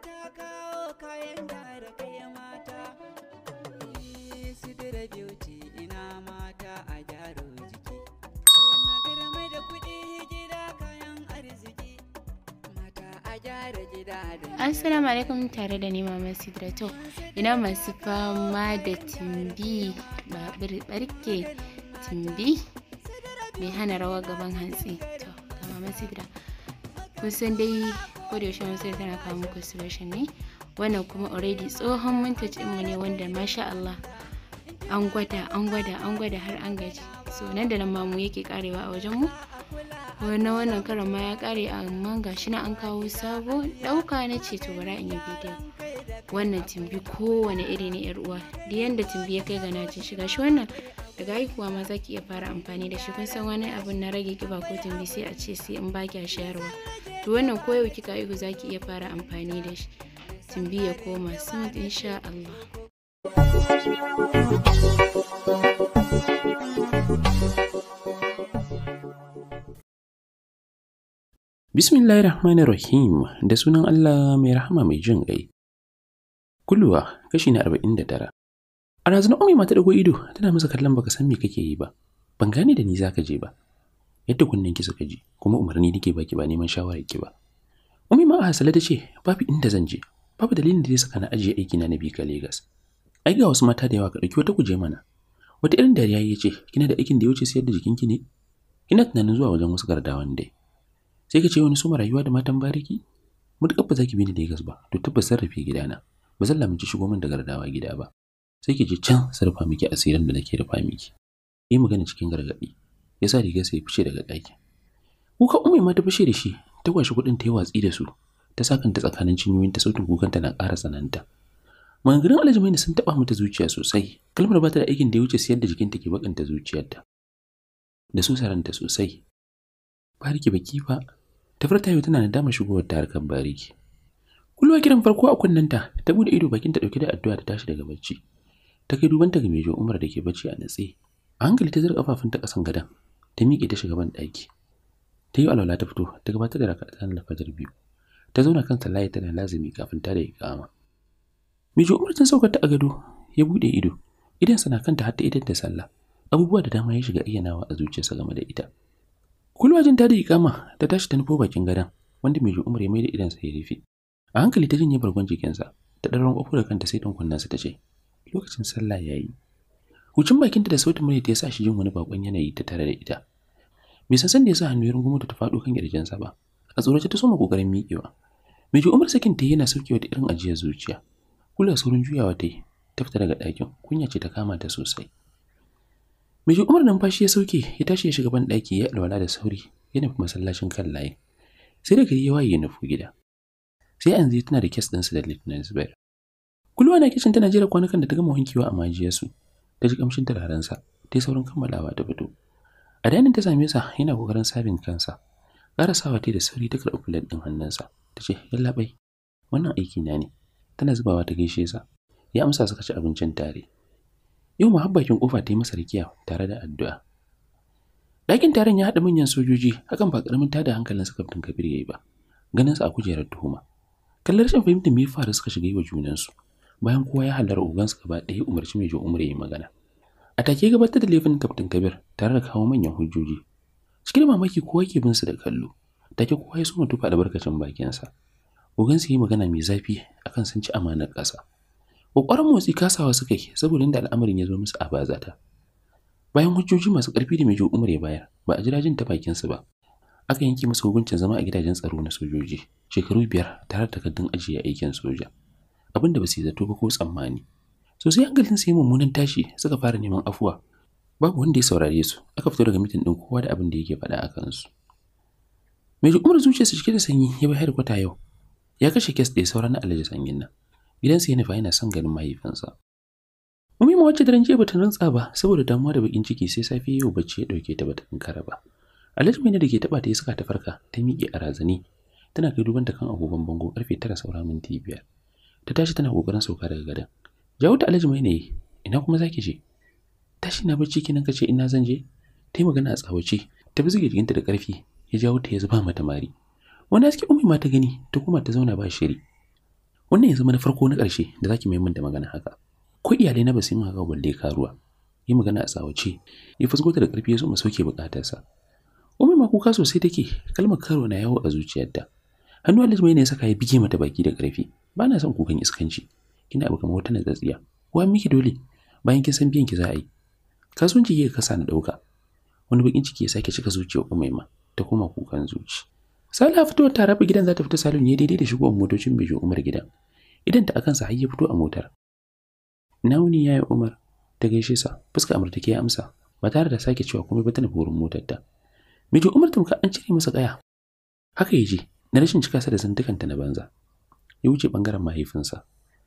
ta kawo kayan da kai mata sidira beauty ina mata a gyara jiki magarmai da kuɗi gida kayan arziki mata a gyara gida da assalamu alaikum tare da ni mama sidira to ina masu fama da timbi babur barke timbi mai hana rawa gaban hantsi to ga mama sidira kun san dai ko da yaushe sai tana kawo muku solution ne wannan kuma already tsohon mintage din mu ne wanda masha Allah an gwada an gwada an gwada har an gaji so nan da nan mamu yake karewa a wajen mu wannan wannan karan ma ya kare amma gashi na an kawo sabo dauka na ce to bara in yi bidiyo wannan timbi kowane iri ne yar uwa da yanda timbi ya kai ga najin shi gashi wannan daga haihuwa ma za ki iya fara amfani da shi kun san wani abun na rage kiba ko timbi sai a ce sai in ba ki shayarwa to wannan koyau kika za zaki iya fara amfani da shi tumbi ya koma sun insha Allah Rahim da sunan Allah mai rahama mai jin ƙai. Kulwa kashi na arba'in da tara. A razana umi mata dago ido tana masa kallon baka san me kake yi ba. Ban gane da ni zaka je ba. yadda kunnen ki suka ji kuma umarni nake baki ba neman shawara ki ba ummi ma hasala ta ce babu inda zan je babu dalilin da zai saka na ajiye aiki na na ka Lagos ai ga wasu mata da yawa ka dauki wata kuje mana wata irin dariya ya ce kina da aikin da ya wuce sayar da jikinki ne kina tunanin zuwa wajen wasu gardawan dai sai ka ce wani suma rayuwa da matan bariki mutukar ba zaki bi ni Lagos ba to tabbas sarrafe gidana ba zan lamunci shigo min da gardawa gida ba sai ki je can sarfa miki asirin da nake rufa miki yi magana cikin gargadi. ya sa riga ya fice daga ɗakin. Kuka umai ma ta fashe da shi, ta kwashi kuɗin ta yi watsi da su, ta sakanta tsakanin cinyoyin ta sautin kukanta na ƙara tsananta. Maganganun Alhaji sun taɓa mata zuciya sosai, kalmar ba ta da aikin da ya wuce siyar da jikinta ke bakanta zuciyarta. Da su saranta sosai. Bariki baki ba, ta furta yau tana dama shigowar ta harkar bariki. Kulwa kiran farko a kunnanta, ta bude ido bakinta dauke da addu'a ta tashi daga bacci. Ta kai dubanta ga Mejo Umar da ke bacci a natse. A hankali ta zira ta kasan gadan, ta miƙe ta shiga ban ta yi alwala ta fito ta gabatar da rakatan da fajar biyu ta zauna kan layi tana lazumi kafin ta da iƙama miji umar tun saukar ta a gado ya buɗe ido idan sana kanta har ta idan ta sallah abubuwa da dama ya shiga ayyanawa a zuciyarsa game da ita kulwajin ta da iƙama ta tashi ta nufo bakin gadon wanda mijo umar ya mai da sa ya rufe a hankali ta jinye bargon jikinsa ta ɗaran ƙofar da kanta sai ɗan kunnansa ta ce lokacin sallah ya yi Hucin bakinta da sautin murya ta sa shi jin wani bakon yanayi ta tare da ita. Bai san san da yasa hannu ya rungumo ta faɗo kan sa ba. A tsorace ta soma kokarin miƙewa. Miji Umar sakin ta yana saukewa da irin ajiyar zuciya. Kula saurin juyawa ta yi, ta fita daga ɗakin, kunya ce ta kama ta sosai. Miji Umar numfashi ya sauke, ya tashi ya shiga ban ɗaki ya alwala da sauri, ya nufi masallacin kan layi. Sai da gari ya waye ya nufi gida. Sai an zai tana da kes ɗinsa da Litinin Zubair. Kulwa na kicin tana jera kwanukan da ta gama wankewa a majiyarsu. ta ji kamshin turarensa ta yi saurin kammalawa da fito a dainin ta same sa yana kokarin sabin kansa sawa ta da sauri ta karɓi plate ɗin hannunsa ta ce yallaɓai wannan aiki na ne tana zubawa ta gaishe sa ya amsa suka ci abincin tare yau mahabbakin kofa ta yi masa rikiya tare da addu'a Ɗakin taron ya haɗa manyan sojoji hakan ba ƙaramin tada hankalin su kaftin kabir ya yi ba ganin su a kujerar tuhuma kallar shan fahimtar me faru suka shiga yi wa junansu bayan kowa ya hallara ogansu gaba ɗaya umarci mai umar ya yi magana a take gabatar da laifin kaftin kabir tare da kawo manyan hujjoji cikin mamaki kowa ke bin su da kallo take kowa ya soma tufa albarkacin bakinsa ogansu ya yi magana mai zafi akan sun ci amanar ƙasa ƙoƙarin motsi kasawa suka yi saboda inda al'amarin ya zo musu a bazata bayan hujjoji masu ƙarfi da mai umar ya bayar ba a jira jin ta bakinsu ba aka yanke masa hukuncin zama a gidajen tsaro na sojoji shekaru biyar tare da takardun ajiye aikin soja abin da ba su yi zato ba ko tsammani sosai hankalin sai mummunan tashi suka fara neman afuwa babu wanda ya saurare su aka fito daga mitin din kowa da abin da yake faɗa a kansu mai umar su cike da sanyi ya bai har kwata yau ya kashe kes ɗaya na alaji sanyin nan gidansa ya nufa yana son ganin mahaifinsa ma wacce daren jiya bata rantsa ba saboda damuwa da bakin ciki sai safe yau bacci ya dauke ta bata kankara ba. Alhaji ne da ke taɓa ta ya saka ta farka ta miƙe a razani tana kai duban ta kan agogon bango karfe tara saura minti biyar. ta tashi tana kokarin sauka daga gadon jawo ta alhaji mai ne ina kuma zaki je tashi na bacci kinan kace ina zan je tai magana a tsawace ta zuge jikinta da karfi ya jawo ta ya zuba mata mari wani aski ummi ma ta gani ta kuma ta zauna ba shiri wannan ya zama na farko na karshe da zaki mai min da magana haka ko iyalai na ba su yi haka balle karuwa yi magana a tsawace ya fusgota da karfi ya so mu sauke bukatarsa ummi ma kuka sosai take kalmar karo na yawo a zuciyarta hannu alhaji mai ne saka ya bige mata baki da karfi ba na son kukan iskanci kina abu kamar wata natsatsiya wa miki dole bayan kin san biyan ki za a yi kasuwanci kike kasa na dauka wani bakin ciki ya sake cika zuciyar ma ta koma kukan zuci Sala fito ta rabu gidan za ta fita salon ya daidai da shigowar motocin Bijo Umar gidan. Idan ta sa har ya fito a motar. Nauni ya yi Umar ta gaishe sa, fuska Amurta ya amsa, ba tare da sake cewa komai ba ta nufi wurin motar ta. Bijo Umar tamka an cire masa kaya. Haka ya je, na rashin cika sa da zantukanta na banza. ya wuce bangaren mahaifinsa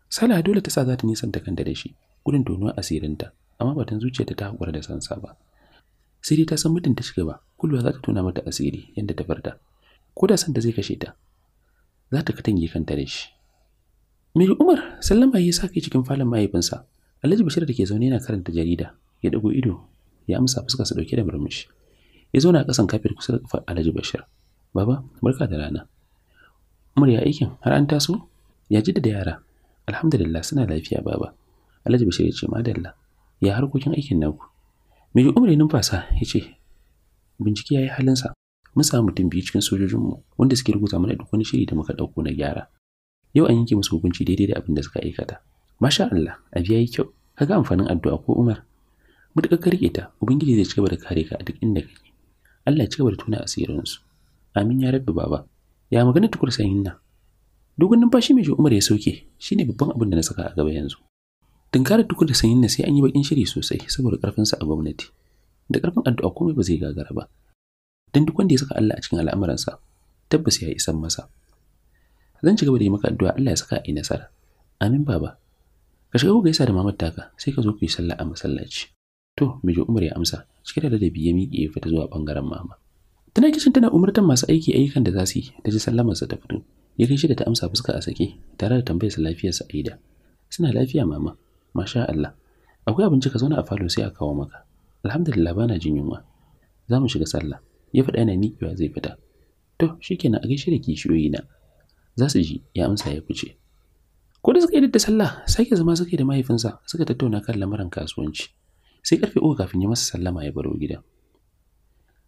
sala dole ta sa za ta nisanta kanta da shi gudun tonuwa asirinta amma batun zuciyarta ta haƙura da sansa ba sai dai ta san mutum ta shiga ba kulwa za ta tona mata asiri yadda ta farta ko da santa zai kashe ta za ta katange kanta da shi Miri Umar sallama ya sake cikin falon mahaifinsa Alhaji Bashir da ke zaune yana karanta jarida ya dago ido ya amsa fuskarsa su dauke da murmushi ya zauna a kasan kafin kusa da kafar Alhaji Bashir baba barka da rana Umar ya aikin har an taso? Ya ji da yara. Alhamdulillah suna lafiya baba. Alhaji Bashir ya ce madalla. Ya harkokin aikin naku. Miji Umar ya numfasa ya ce bincike ya yi halinsa. Mun samu mutum biyu cikin sojojinmu wanda suke rubuta mana duk wani shiri da muka ɗauko na gyara. Yau an yanke musu hukunci daidai da abin da suka aikata. Masha Allah, abi yi kyau. ka ga amfanin addu'a ko Umar? Mutukar ka karke ta, Ubangiji zai cigaba da kare ka a duk inda kake. Allah ya cigaba da tuna su Amin ya rabbi baba. ya magana tukur sanyin nan dogon numfashi mai shi umar ya sauke shine babban abin da na saka a gaba yanzu tunkarar tukur da sanyin nan sai an yi bakin shiri sosai saboda karfinsa a gwamnati da karfin addu'a komai ba zai gagara ba dan duk wanda ya saka Allah a cikin al'amuransa tabbas ya isan masa zan ci gaba da yi maka addu'a Allah ya saka a yi nasara amin baba ka shiga ku gaisa da mamar taka sai ka zo ku yi sallah a masallaci to mijo umar ya amsa cike da ladabi ya miƙe ya fita zuwa bangaren mama tana kishin tana umartar masu aiki ayyukan da za su yi ta ji sallamarsa ta fito ya kai da ta amsa fuska a sake tare da tambayarsa lafiyarsa aida suna lafiya mama masha Allah akwai abinci ka zauna a falo sai a kawo maka alhamdulillah bana jin yunwa za mu shiga sallah ya faɗa ni miƙewa zai fita to shikenan a gaishe da kishiyoyi na za su ji ya amsa ya fice ko da suka yi da sallah sake zama suke da mahaifinsa suka tattauna kan lamarin kasuwanci sai karfe uku kafin ya masa sallama ya baro gidan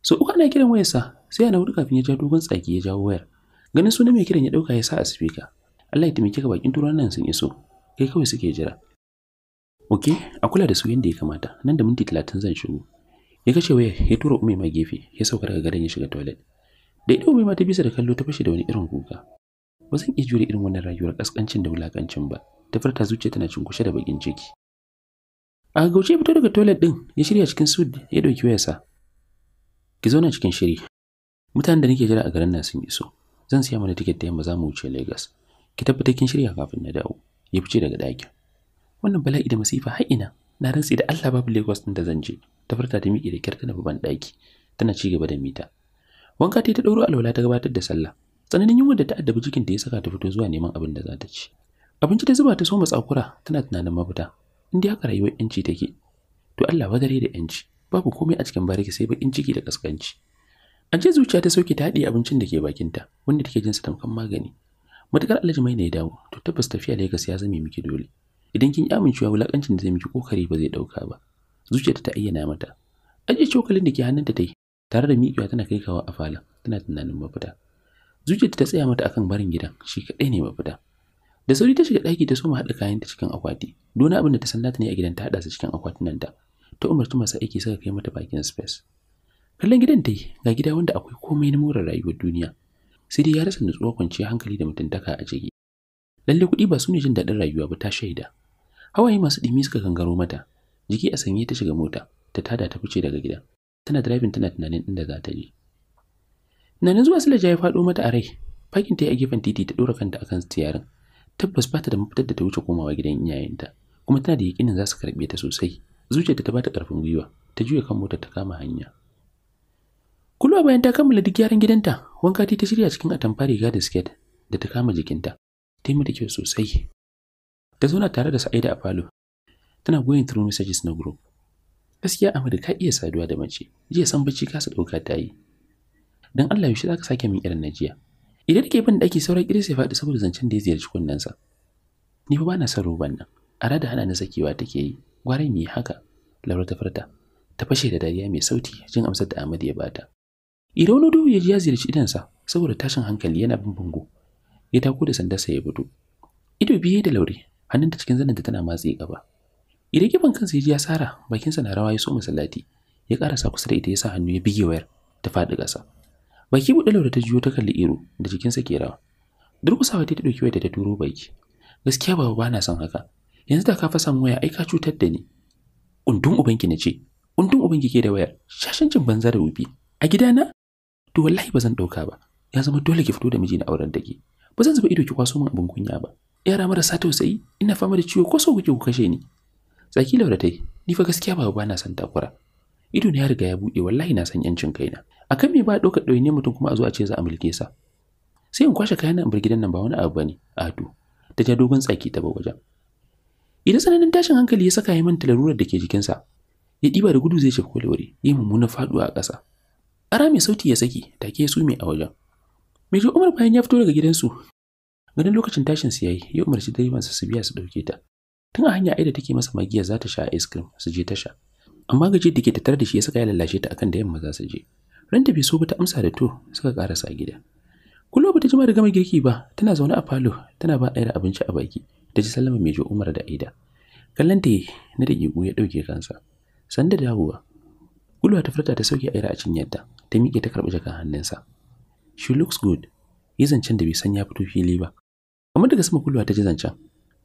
so uku ana kiran wayar sa sai ana wuri kafin ya ja dogon tsaki ya jawo wayar ganin sunan mai kiran ya dauka ya sa a sifika Allah ya taimake ka bakin turan nan sun iso kai kawai suke jira ok a kula da su yadda ya kamata nan da minti talatin zan shigo ya kashe waya ya tura ume ma gefe ya sauka daga gadon ya shiga toilet da ido ume ma ta bisa da kallo ta fashe da wani irin kuka ba zan iya jure irin wannan rayuwar kaskancin da wulakancin ba ta farta zuciya tana cunkushe da bakin ciki a gauce fito daga toilet din ya shirya cikin suit ya dauki wayarsa ki zo zauna cikin shiri mutanen da nake jira a garin nan sun iso zan siya mana tiket da yamma za mu wuce Lagos ki tabbata kin shirya kafin na dawo ya fice daga ɗakin wannan bala'i da masifa har ina na rantsi da Allah babu Lagos din da zan je ta furta ta miƙe da kyar tana baban ɗaki tana ci gaba da mita wanka ta ta ɗauro alwala ta gabatar da sallah tsananin yunwa da ta addabi jikin da ya saka ta fito zuwa neman abin da za ta ci abinci da zuba ta soma tsakura tana tunanin mafita inda haka rayuwar yanci take to Allah wadare da yanci babu komai a cikin bariki sai bakin ciki da kaskanci an ce zuciya ta sauke ta haɗiye abincin da ke bakinta wanda take jin sa tamkan magani matukar alhaji mai na ya dawo to tabbas tafiya Lagos ya zame miki dole idan kin amincewa wulakancin da zai miki kokari ba zai ɗauka ba zuciyarta ta ayyana mata aje cokalin da ke hannunta ta yi tare da miƙewa tana kai kawa a falon tana tunanin mafita zuciyarta ta tsaya mata akan barin gidan shi kaɗai ne mafita da sauri ta shiga ɗaki ta soma haɗa kayanta cikin akwati dona abin da ta san ta ne a gidan ta haɗa su cikin akwatinan ta ta umarci masu aiki suka kai mata bakin space kallon gidan dai ga gida wanda akwai komai na more rayuwar duniya sai dai ya rasa nutsuwa kwanciyar hankali da mutuntaka a jirgi. lalle kuɗi ba su ne jin daɗin rayuwa ba ta shaida hawaye masu ɗumi suka gangaro mata jiki a sanye ta shiga mota ta tada ta fice daga gida tana driving tana tunanin inda za ta je tunanin zuwa silaja ya faɗo mata a rai fakin ta yi a gefen titi ta ɗora kanta akan tiyarin tabbas ba ta da mafitar da ta wuce komawa gidan iyayenta kuma tana da yakinin za su karɓe ta sosai zuciyarta ta bata karfin gwiwa ta juya kan mota ta kama hanya kulwa bayan ta kammala duk gyaran gidanta wanka ta ta shirya cikin atamfa riga da siket da ta kama jikinta ta yi mata kyau sosai ta zauna tare da sa'ida a falo tana goyon through messages na group gaskiya da ka iya saduwa da mace jiya san bacci ka sa dauka ta yi dan Allah yaushe zaka sake min irin najiya idan kake bin daki sauran ya faɗi saboda zancen da ya ziyarci kunnensa ni fa na son roban nan a rada hana na sakewa take yi Gwarai mu yi haka, Laura ta farta, Ta fashe da dariya mai sauti jin amsar da Amadu ya bata. Iro wani duhu ya ji ya ziyarci idansa saboda tashin hankali yana bin bango. Ya tako da sandarsa ya fito. Ido biye da laure, hannunta cikin zanen da tana matsi gaba. Idan gefen kansa ya ji ya sara, bakinsa na rawa ya so salati, Ya karasa kusa da ita ya sa hannu ya bige wayar ta faɗi ƙasa. Baki buɗe laure ta jiyo ta kalli Iro da jikinsa ke rawa. Durkusawa ta ɗauki wayar da ta turo baki. Gaskiya baba ba na son haka. yanzu da ka fa samu waya ai ka cutar da ni undun ubanki na ce undun ubanki ke da waya. shashin jin banza da wubi a gidana to wallahi bazan ɗauka dauka ba ya zama dole ki fito da miji na auren dake ba zan zuba ido ki kwaso min abin kunya ba yara marasa tausayi ina fama da ciwo ko so kuke ku kashe ni tsaki laura tai ni fa gaskiya ba ba na san takura ido ne ya riga ya buɗe. wallahi na san yancin kaina akan me ba doka dauye ne mutum kuma a zo a ce za a milke sa sai in kwashe kayan nan bar gidan nan ba wani abu bane a to ta ja dogon tsaki ta ba wajen idan tsananin tashin hankali ya saka ya manta larurar da ke jikinsa ya ɗiba da gudu zai shafi kwalwari ya mummuna faɗuwa a ƙasa ara mai sauti ya saki take ya sume a wajen mai ji umar bayan ya fito daga gidansu ganin lokacin tashin su yayi ya umarci direbansa su biya su ɗauke ta tun a hanya aida take masa magiya za ta sha ice cream su je tasha amma gaje da ke tattare da shi ya saka ya lallashe ta akan da yamma za su je ranta bai so ba ta amsa da to suka sa gida kullum ba ta jima da gama girki ba tana zaune a falo tana ba ɗaya abinci a baki ta ji sallama mai umar da aida kallon ta na daƙiƙu ya ɗauke kansa sanda dawowa gulwa ta furta ta sauke aira a cinyarta ta miƙe ta karɓi jakan hannunsa she looks good yi zancen da bai san ya fito fili ba kamar daga sama gulwa ta ji zancen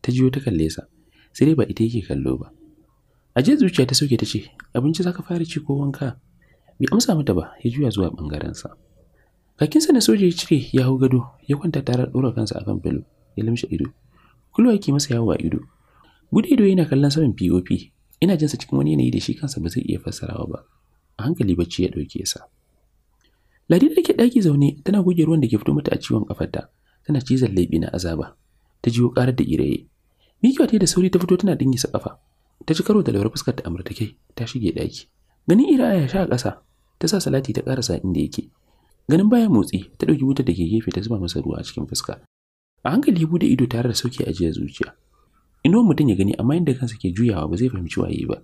ta jiyo ta kalle sa sai dai ba ita yake kallo ba a je zuciya ta sauke ta ce abinci zaka fara ci ko wanka bai amsa mata ba ya juya zuwa ɓangarensa. kakinsa na soja ya cire ya hau gado ya kwanta tare da ɗora kansa akan filo ya lamshe ido kulwa yake masa yawo a ido bude ido yana kallon saman pop ina jinsa cikin wani yanayi da shi kansa ba zai iya fassarawa ba a hankali bacci ya dauke sa ladi da ke ɗaki zaune tana goge ruwan da ke fito mata a ciwon kafarta tana cizon laifi na azaba ta jiwo ƙarar da iraye mikiwa ta da sauri ta fito tana dingisa kafa ta ci karo da lawar fuskar ta amurtake ta shige ɗaki ganin ya sha ƙasa ta sa salati ta ƙarasa inda yake ganin baya motsi ta ɗauki wutar da ke gefe ta zuba masa ruwa a cikin fuska a hankali bude ido tare da sauki a jiya zuciya inuwar mutum ya gani amma inda kansa ke juyawa ba zai fahimci waye ba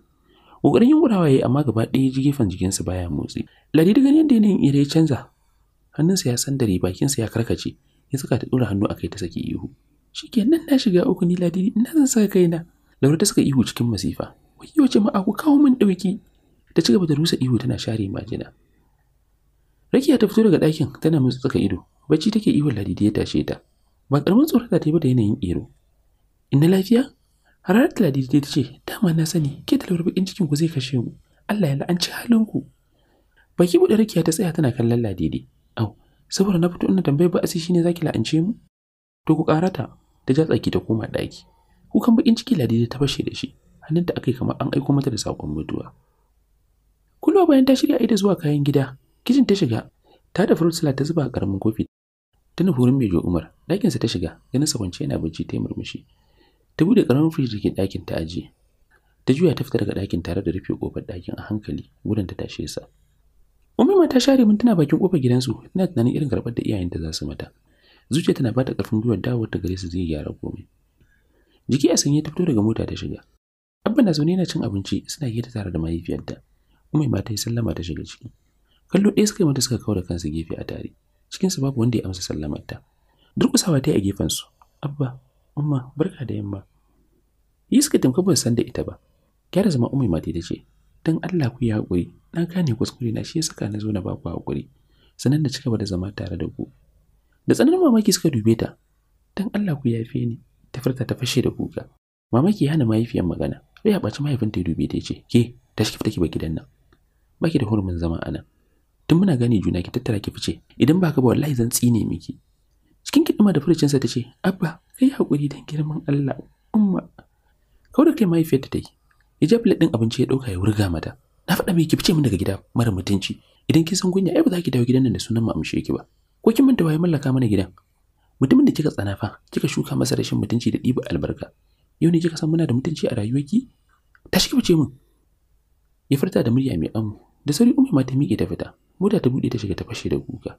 kokarin yin gudawa yayi amma gaba ɗaya ji gefen jikinsa baya motsi ladidi gani yadda yanayin ire ya canza hannunsa ya sandare bakinsa ya karkace ya saka ta dora hannu akai ta saki ihu shikenan na shiga uku ni ladidi ina zan saka kaina laura ta saka ihu cikin masifa wayyo jama'a ku kawo min dauki ta ci gaba da rusa ihu tana share majina rakiya ta fito daga dakin, tana tsaka ido bacci take ihu ladidi ya tashe ta ba karamin tsorata ta yi ba da yanayin iro inna lafiya harar ta ladidi ta ce dama na sani ke talawar bakin cikin ku zai kashe mu Allah ya la'anci halin ku baki buɗe rakiya ta tsaya tana kallon ladidi au saboda na fito ina tambayar ba asi shine zaki la'ance mu to ku karata ta ja tsaki ta koma ɗaki kukan bakin ciki ladidi ta fashe da shi hannun hannunta akai kamar an aiko mata da sakon mutuwa kulwa bayan ta shirya ita zuwa kayan gida kicin ta shiga ta da fruit salad ta zuba a karamin kofi ta nufi wurin Mejo Umar, ɗakinsa ta shiga, ganin sa kwance yana bacci ta murmushi. Ta bude ƙaramin firij da ke ɗakin ta ajiye. Ta juya ta fita daga ɗakin tare da rufe ƙofar ɗakin a hankali, gudun ta tashe sa. Umma ta share mintuna bakin ƙofar gidansu, tana tunanin irin karɓar da iyayenta za su mata. Zuciya tana bata ƙarfin gwiwar dawowar ta gare su zai gyara komai. Jiki a sanye ta fito daga mota ta shiga. Abba na zaune yana cin abinci suna yi ta tare da mahaifiyarta. Umma ma ta yi sallama ta shiga ciki. Kallo ɗaya suka yi mata suka kawo da kansu gefe a tare. cikin su babu wanda ya amsa sallamarta durkusawa ta yi a su. abba umma barka da yamma yi suka tamka ban san da ita ba gyara zama umai mata ta ce don allah ku yi haƙuri na gane kuskure na shi ya saka na zo na ba ku haƙuri sanan da cika da zama tare da ku da tsananin mamaki suka dube ta don allah ku yafe ni ta furta ta fashe da kuka mamaki ya hana mahaifiyar magana rai ya ɓaci mahaifinta ya dube ta ce ke ta shi ki ba gidan nan ba da hurumin zama a nan tun muna gane juna ki tattara ki fice idan baka ba wallahi zan tsine miki cikin kidima da furucin sa ce abba kai hakuri dan girman Allah umma kawai kai fita ta yi ya plate din abinci ya dauka ya wurga mata na faɗa miki ki fice min daga gida mara mutunci idan kin san gunya ai ba za ki dawo gidan nan da sunan mu amshe ki ba ko kin manta waye mallaka mana gidan mutumin da kika tsana fa kika shuka masa rashin mutunci da ɗiba albarka yau ne kika san muna da mutunci a rayuwarki tashi ki fice min ya furta da murya mai amu da sauri umma ta miƙe ta fita mota ta buɗe ta shiga ta fashe da kuka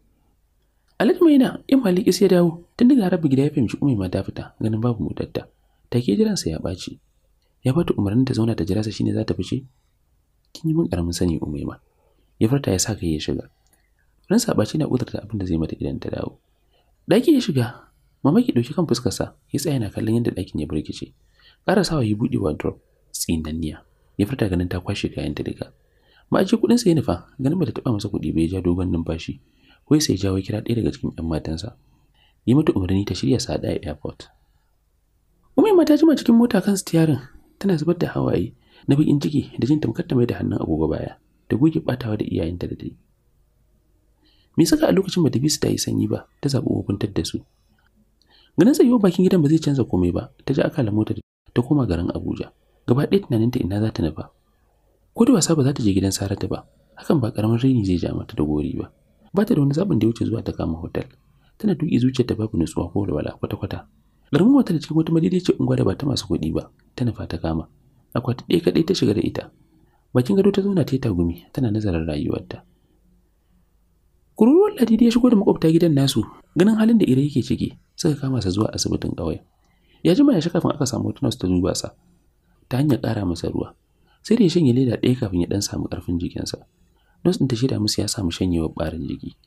Alhaji Maina in Maliki sai ya dawo tun daga rabbi gida ya fahimci Ummi ma ta fita ganin babu motarta ta jiran sa ya ɓaci ya bata umarnin ta zauna ta jira sa shine za ta fice kin yi min karamin sani Ummi ma ya farta ya sa kai ya shiga ran ɓaci na kudurta abin da zai mata idan ta dawo daki ya shiga mama ki dauki kan fuskar sa ya tsaya yana kallon yadda dakin ya burkice ƙara sawa ya buɗe wardrobe tsinanniya ya farta ganin ta kwashe kayan ta daga ma'aji kudin sa ya nufa ganin bata taba masa kuɗi ya ja dogon numfashi ko sai jawo kira ɗaya daga cikin 'yan matansa yi mata umarni ta shirya sa a airport Umaima mata jima cikin mota kan stiyarin tana zubar da hawaye na bakin ciki da jin tamkar ta mai da hannun agogo baya da goge batawa da iyayenta da dai. Me saka a lokacin ba da bisu ta yi sanyi ba ta zaɓi hukuntar da su. Ganin yau bakin gidan ba zai canza komai ba ta ji akalar motar ta koma garin Abuja. Gaba ɗaya tunaninta ina za ta nufa ko da wasa ba za ta je gidan saratu ba hakan ba karamin raini zai ja mata da gori ba ba ta da wani zabin da ya wuce zuwa ta kama hotel tana tuƙi zuciyarta babu nutsuwa ko walwala kwata-kwata garmin wata da cikin wata ce unguwa da ba ta masu kuɗi ba tana ta kama akwati ɗaya kaɗai ta shiga da ita bakin gado ta zauna ta yi tagumi tana nazarin rayuwarta kururuwar ladidi ya shigo da makwabta gidan nasu ganin halin da ire yake ciki suka kama sa zuwa asibitin ƙauye ya jima ya shi kafin aka samu wata nasu ta duba sa ta hanyar ƙara masa ruwa sai da ya shanye leda ɗaya kafin ya ɗan samu ƙarfin jikinsa nos ɗin ta da musu ya samu shanyewar ɓarin jiki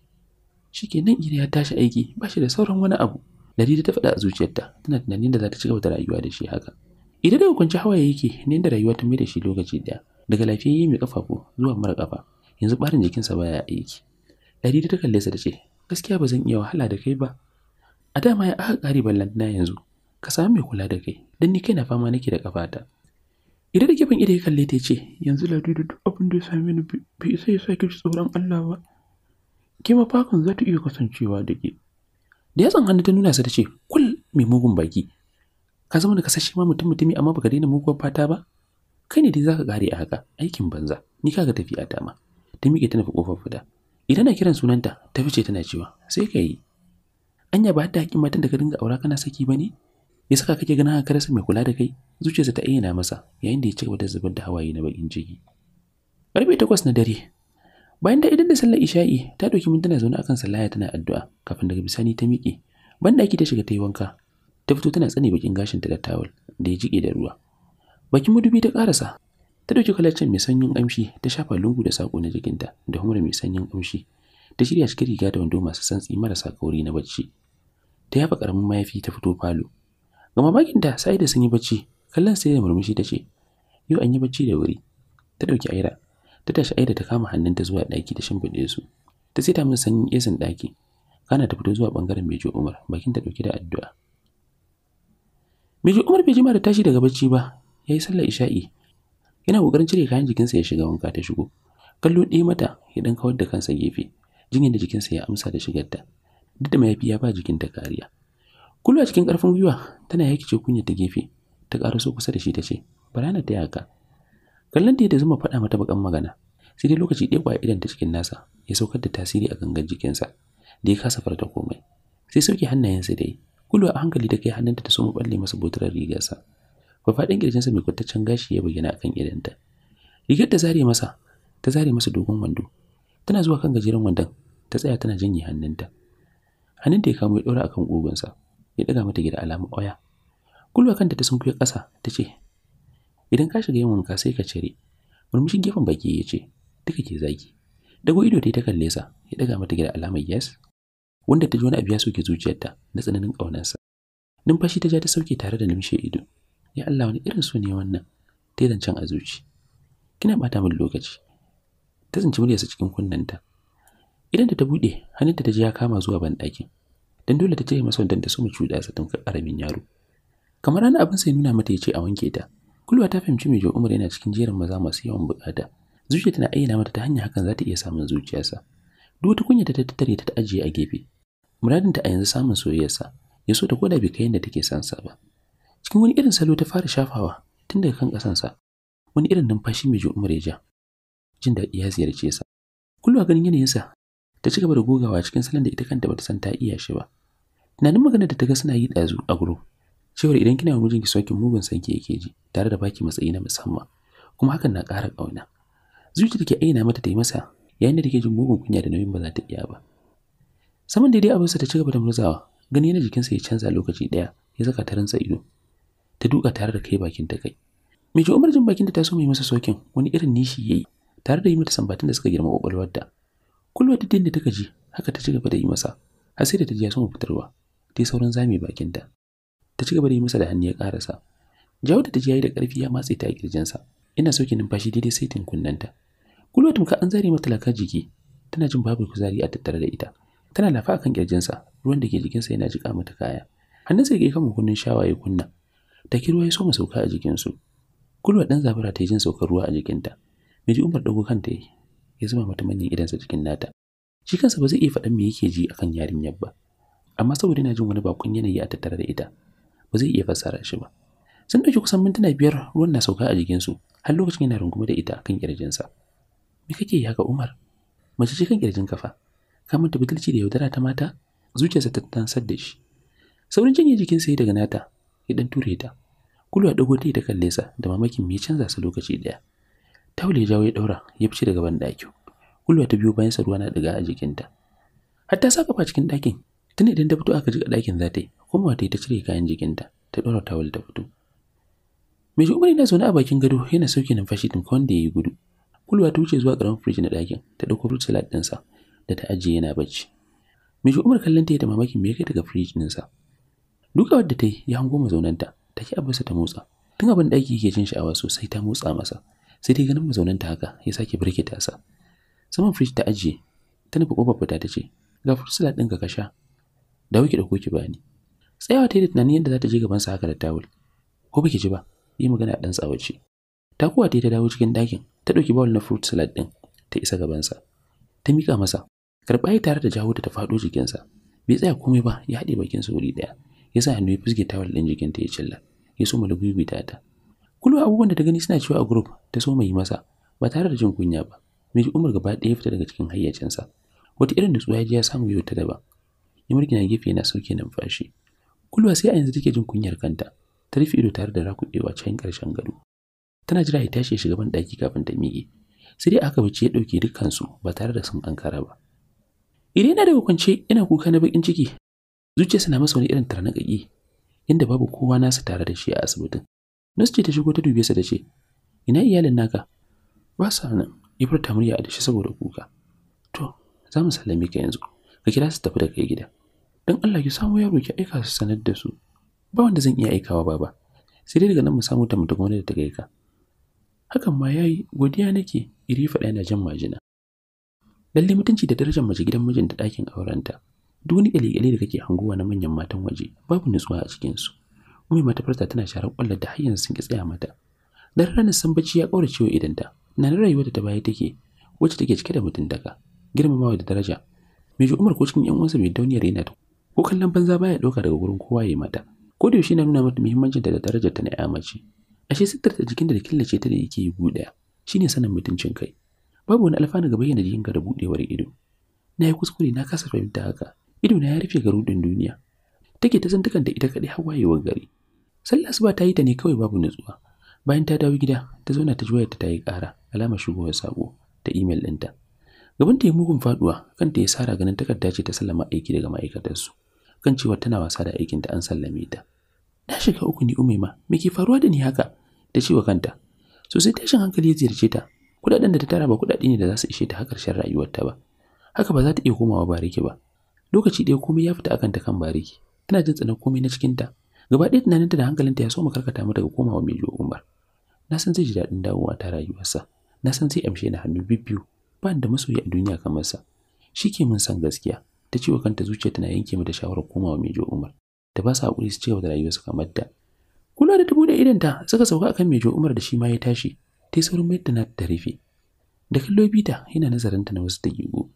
shi ke nan ya tashi aiki ba shi da sauran wani abu Nadida ta faɗa a zuciyarta tana tunanin da za ta ci gaba da rayuwa da shi haka ita daga kwanci hawaye yake ne da rayuwa ta mai da shi lokaci ɗaya daga lafiyayye mai ƙafafu zuwa mara ƙafa yanzu ɓarin jikinsa baya aiki Ladidi ta kalle sa ta ce, Gaskiya ba zan iya wahala da kai ba. A dama ya aka ƙari ballantana yanzu, ka sami mai kula da kai, don ni kai na fama nake da ƙafata. Ida da gefen ido ya kalli ta ce, yanzu Ladu da duk abin da ya sami ni bai isa ya sake tsoron Allah ba. Ke ma za ta iya kasancewa da ke. Da yatsan hannu ta nuna sa ta ce, kul mai mugun baki. Ka zama da kasashe ma mutum mutumi amma baka daina muguwar fata ba? Kai ne dai zaka kare a haka, aikin banza, ni kaga tafiya ta ma. Ta miƙe ta nufi ƙofar fita. Idan na kiran sunanta, ta fice tana cewa, sai ka yi. Anya ba ta haƙƙin matan da ka dinga aura kana saki ba ne? Ya saka kake ganin haka rasa mai kula da kai zuciyarsa ta ayyana masa yayin da ya cigaba da zubar da hawaye na bakin ciki karfe takwas na dare bayan da idan da sallar isha'i ta ɗauki mintuna zaune akan sallaya tana addu'a kafin daga bisani ta miƙe banɗaki ta shiga ta yi wanka ta fito tana tsane bakin gashinta da tawul da ya jike da ruwa bakin madubi ta ƙarasa ta ɗauki kwalacin mai sanyin amshi ta shafa lungu da saƙo na jikinta da humra mai sanyin amshi ta shirya cikin riga da wando masu santsi marasa kauri na bacci ta yafa ƙaramin mayafi ta fito falo Ga mamakinta da sun yi bacci, kallon sai da murmushi ta ce, Yau an yi bacci da wuri. Ta ɗauki Aida, ta tashi Aida ta kama hannunta zuwa ɗaki ta shimfiɗe su. Ta saita min sanyin esin ɗaki, kana ta fito zuwa ɓangaren mejo Umar, bakin ta ɗauke da addu'a. mejo Umar bai ji jima da tashi daga bacci ba, ya yi sallar isha'i. Yana ƙoƙarin cire kayan jikinsa ya shiga wanka ta shigo. Kallo ɗaya mata ya ɗan kawar da kansa gefe, jinyar da jikinsa ya amsa da shigarta. Duk da mayafi ya ba jikin ta kariya. Kullu a cikin ƙarfin gwiwa tana yakice kunyar ta gefe ta so kusa da shi ta ce barana ta yaka kallon ta zuma faɗa mata bakan magana sai dai lokaci ɗaya ƙwaya idan ta cikin nasa ya saukar da tasiri a gangan jikinsa da ya kasa farta komai sai sauke hannayensa da yi Kullu a hankali ta kai hannunta ta soma balle masa botarar rigarsa fafaɗin kirjinsa mai kwataccen gashi ya bayyana a kan idanta rigar da zare masa ta zare masa dogon wando tana zuwa kan gajeren wandon ta tsaya tana janye hannunta hannunta ya kamo ya ɗora kan ƙugunsa ya ɗaga mata gida alamun ƙwaya kulwa kanta ta sunkuya ƙasa ta ce idan ka shiga yin wanka sai ka cire murmushin gefen baki ya ce duka ke zagi dago ido ta ta kalle sa ya daga mata gida alamar yes wanda ta ji wani abu ya soke zuciyarta na tsananin ƙaunarsa numfashi ta ja ta sauke tare da numshe ido ya Allah wani irin su ne wannan ta yi zancen a zuci kina ɓata min lokaci ta tsinci muryarsa cikin kunnanta idan da ta buɗe hannunta ta je ya kama zuwa banɗakin dan dole ta ce masa wannan da su mu cuɗa sa tun karamin yaro kamar rana abin sai nuna mata yace a wanke ta kulwa ta fahimci mai jo umar yana cikin jerin maza masu yawan bukata zuciya tana ayyana mata ta hanyar hakan za ta iya samun zuciyarsa duk wata kunya ta tattare ta ajiye a gefe muradin ta a yanzu samun soyayyarsa ya so ta koda bai kai yadda take son sa ba cikin wani irin salo ta fara shafawa tun daga kan kasan sa wani irin numfashi mai jo umar ya ja jin daɗi ya ziyarce sa kulwa ganin yanayinsa ta ci gaba da gogawa cikin salon da ita kanta bata san ta iya shi ba tunanin magana da ta ga suna yi ɗazu a guro cewar idan kina wa mijinki sokin mugun sanki yake ji tare da baki matsayi na musamman kuma hakan na ƙara ƙauna da ke aina mata ta yi masa yayin da take jin mugun kunya da nauyin ba za ta iya ba saman daidai abinsa ta cigaba da murzawa gani yana jikinsa ya canza lokaci ɗaya ya saka ta rantsa ido ta duka tare da kai bakin ta kai Miji Umar jin bakin ta so mai masa sokin wani irin nishi ya yi. tare da yi mata sambatin da suka girma ƙwaƙwalwar da kulwa ta dinda ta gaji haka ta ci gaba da yi masa har sai da ta ji ya suma fitarwa ta saurin zame bakinta ta ci gaba da yi masa da hannu ya karasa jawo da ta ji yayi da ƙarfi ya matse ta a ƙirjinsa. ina sauke numfashi daidai sai kunnanta kulotun ka an zare mata laka jiki tana jin babu kuzari a tattare da ita tana lafa akan ƙirjinsa. ruwan da ke jikinsa yana jiƙa mata kaya hannunsa ya kama kunnen shawaye kunna ta ruwa ya soma sauka a jikinsu kulwa ɗan zabara ta yi jin saukar ruwa a jikinta ji umar dago kanta ya zama mata manyan idansa cikin nata shi kansa ba zai iya faɗan me yake ji akan yarinyar ba amma saboda yana jin wani bakon yanayi a tattare da ita ba zai iya fassara shi ba sun ɗauki kusan mintuna biyar ruwan na sauka a jikinsu har lokacin yana rungume da ita kan kirjinsa me kake yi haka umar mace ce kan kirjin kafa ka manta butulci da yaudara ta mata zuciyarsa ta tansar da shi saurin janye jikinsa ya daga nata ya dan ture ta kulwa dago ta da kalle sa da mamakin me canza su lokaci daya taule jawo ya daura ya fice daga banɗaki. kulwa ta biyo bayan sa ruwa na daga a jikinta har ta saka fa cikin dakin tun idan ta fito aka a ɗakin za ta yi kuma ta ta cire kayan jikinta ta ɗora tawul ta fito mai shi yana zaune a bakin gado yana sauke numfashi tun kawai da ya yi gudu kulwa ta wuce zuwa ƙaramin firij na ɗakin ta ɗauko fruit salad ɗinsa da ta ajiye yana bacci mai shi umar kallon ta yi da mamakin mai ya kai daga firij ɗinsa Duka wadda ta yi ya hango mazaunanta ta ki abinsa ta motsa tun abin ɗaki yake jin sha'awa sosai ta motsa masa sai dai ganin mazaunanta haka ya sake birkita sa saman firij ta ajiye ta nufi ƙofar fita ta ce ga fruit salad ɗinka ka sha dawo kuke dauko ki bani tsayawa ta yi da tunanin yadda za ta je gaban sa haka da tawul ko biki ji ba yi magana dan tsawace ta kuwa ta ta dawo cikin dakin ta ɗauki bowl na fruit salad din ta isa gaban sa ta mika masa karɓa tare da jawo ta ta fado jikin sa bai tsaya komai ba ya hade bakin sa wuri daya ya sa hannu ya fuske tawul din jikin ta ya cilla ya so malagubi ta ta kullu abubuwan da ta gani suna cewa a group ta so mai masa ba tare da jin kunya ba mai umar gaba ɗaya fita daga cikin hayyacinsa wata irin nutsuwa ya ji ya samu yau ta daba ya na gefe na sauke numfashi kulwa sai a yanzu take jin kunyar kanta ta rufe ido tare da rakuɗewa cikin ƙarshen gado tana jira ya tashi ya shiga ban ɗaki kafin ta miƙe sai dai aka bace ya ɗauke dukkansu ba tare da sun ankara ba idan yana da kwance ina kuka na bakin ciki zuciyarsa na masa wani irin tarnaƙaƙi inda babu kowa nasa tare da shi a asibitin Nasu ce ta shigo ta dube sa da ce ina iyalin naka ba sa nan ya furta murya a dashi saboda kuka to za mu sallame ka yanzu ka kira su tafi da kai gida don Allah ki samu yaro ki aika su sanar da su ba wanda zan iya aikawa baba sai dai daga nan mu samu ta mutum da ta gaika hakan ma yayi godiya nake iri faɗa yana jan majina lalle mutunci da darajar mace gidan mijinta ɗakin aurenta duk wani ƙyale da kake hangowa na manyan matan waje babu nutsuwa a cikinsu mai mata farta tana sharar ƙwallar da har yanzu sun ki tsaya mata dan ranar san bacci ya ƙaura ciwo ta, na rayuwa da ta baya take wacce take cike da daga. girmamawa da daraja Mejo Umar ko cikin 'yan uwansa mai dauniyar yana ta ko kallon banza baya ɗauka daga gurin kowa ya mata ko da yaushe na nuna mata muhimmancin da darajar ta na ya mace ashe sittar ta jikin da da killace ta da yake yi buɗe shine sanin mutuncin kai babu wani alfanu ga bayyana jikinka da buɗewar ido na yi kuskure na kasa fahimta haka ido na ya rufe garudin duniya take ta zantukan da ita kaɗai har wayewar gari sallah asuba ta yi ta ne kawai babu nutsuwa bayan ta dawo gida ta zauna ta ji ta yi ƙara alamar shigowar sabo ta imel ɗinta gaban ta yi mugun faduwa kanta ya sara ganin takarda ce ta sallama aiki daga ma'aikatarsu kan cewa tana wasa da aikinta an sallame ta na shiga uku ni umaima me ke faruwa da ni haka ta ce wa kanta sosai tashin hankali ya ziyarce ta Kuɗaɗen da ta tara ba kuɗaɗe ne da za su ishe ta har rayuwarta ba haka ba za ta iya komawa bariki ba lokaci ɗaya komai ya fita akan ta kan bariki tana jin tsanar komai na cikinta gaba ɗaya tunaninta da hankalinta ya so mu karkata mata ga komawa Mejo Umar na san zai ji daɗin dawowa ta rayuwarsa na san zai amshe ni hannu bibbiyu ba da masoyi a duniya kamar sa shi ke mun san gaskiya ta ciwo kanta zuciya tana yanke mata shawarar komawa Mejo Umar ta ba su haƙuri su cigaba da rayuwarsu kamar da kula da ta bude ta suka sauka akan Mejo Umar da shi ma ya tashi ta yi saurin mayar da nata ta rufe da kallo bita yana nazarin ta na wasu dakiku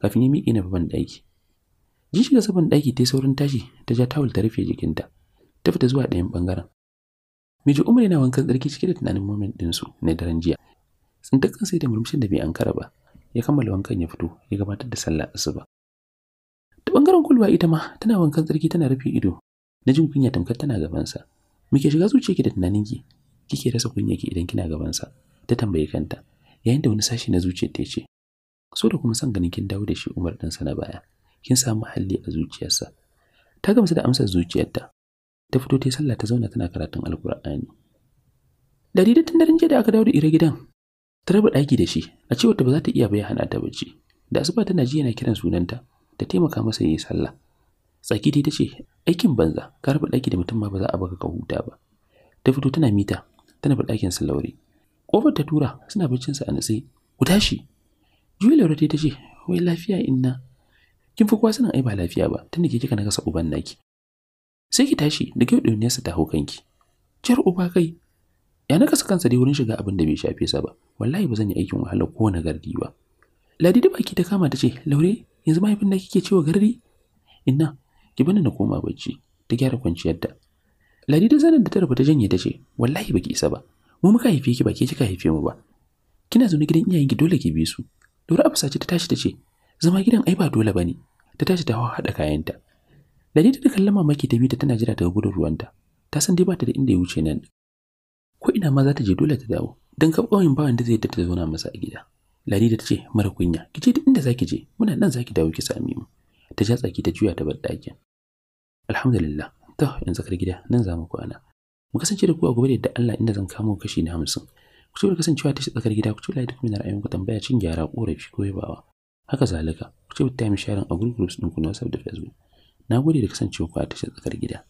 kafin ya miƙe na baban ɗaki jin shiga saban ɗaki ta yi saurin tashi ta ja tawul ta rufe jikinta ta fita zuwa ɗayan ɓangaren Mejo Umar yana wankan tsarki cike da tunanin moment ɗinsu na daren jiya tsintakan sai da murmushin da bai ankara ba ya kammala wankan ya fito ya gabatar da sallah asuba da bangaren kulwa ita ma tana wankan tsarki tana rufe ido na jin kunya tamkar tana gabansa muke shiga zuciyarki da ki kike rasa kunyarki idan kina gabansa ta tambaye kanta yayin da wani sashi na zuciyar ta ce so da kuma san ganin kin dawo da shi Umar dan sana baya kin samu halli a zuciyarsa ta gamsu da amsar zuciyarta ta fito ta sallah ta zauna tana karatun alkur'ani dari da tun daren jiya da aka dawo da ire gidan ta raba ɗaki da shi a cewar ta ba za ta iya bayyana hana ta bacci da asuba tana ji yana kiran sunanta ta taimaka masa yi sallah tsaki dai tace aikin banza ka rufe ɗaki da mutum ma ba za a baka ka huta ba ta fito tana mita tana bi dakin sa laure kofar ta tura suna sa a natse ku tashi juyi laure ta ce wai lafiya inna kin fi kowa sanin ai ba lafiya ba da ke kika naga sa uban naki sai ki tashi da kyau ɗuniyarsa ta hau kanki jar uba kai ya naka sa kansa dai wurin shiga abin da bai shafe sa ba wallahi ba zan yi aikin wahala ko na gardi ba ladi da baki ta kama ta ce laure yanzu mahaifin da kike cewa garri inna ki bani na koma bacci ta gyara kwanciyarta ta zanen da ta rubuta janye ta ce wallahi baki isa ba mu muka haife ki ba ke kika haife mu ba kina zaune gidan ki dole ki bi su Dora Afsa ce ta tashi ta ce zama gidan ai ba dole bane ta tashi ta haɗa kayanta Ladi ta kallon mamaki ta bi ta tana jira daga gudun ruwanta ta san dai ba ta da inda ya wuce nan ko ina ma za ta je dole ta dawo don ka ƙauyen bawan da zai ta zauna masa a gida da ta ce mara kunya, ki ce duk inda zaki je, muna nan zaki dawo ki sami mu. Ta ja tsaki ta juya ta bar ɗakin. Alhamdulillah, ta yanzu kar gida nan za mu kwana. Mu kasance da ku a gobe da Allah inda zan kamo kashi na hamsin. Ku ci kasancewa ta tsakar gida ku ci da kuma na ra'ayin ku tambaya cin gyara korafi ko yabawa. Haka zalika, ku ta mi sharing a group groups ku na WhatsApp da Facebook. Na gode da kasancewa ku a tashar tsakar gida.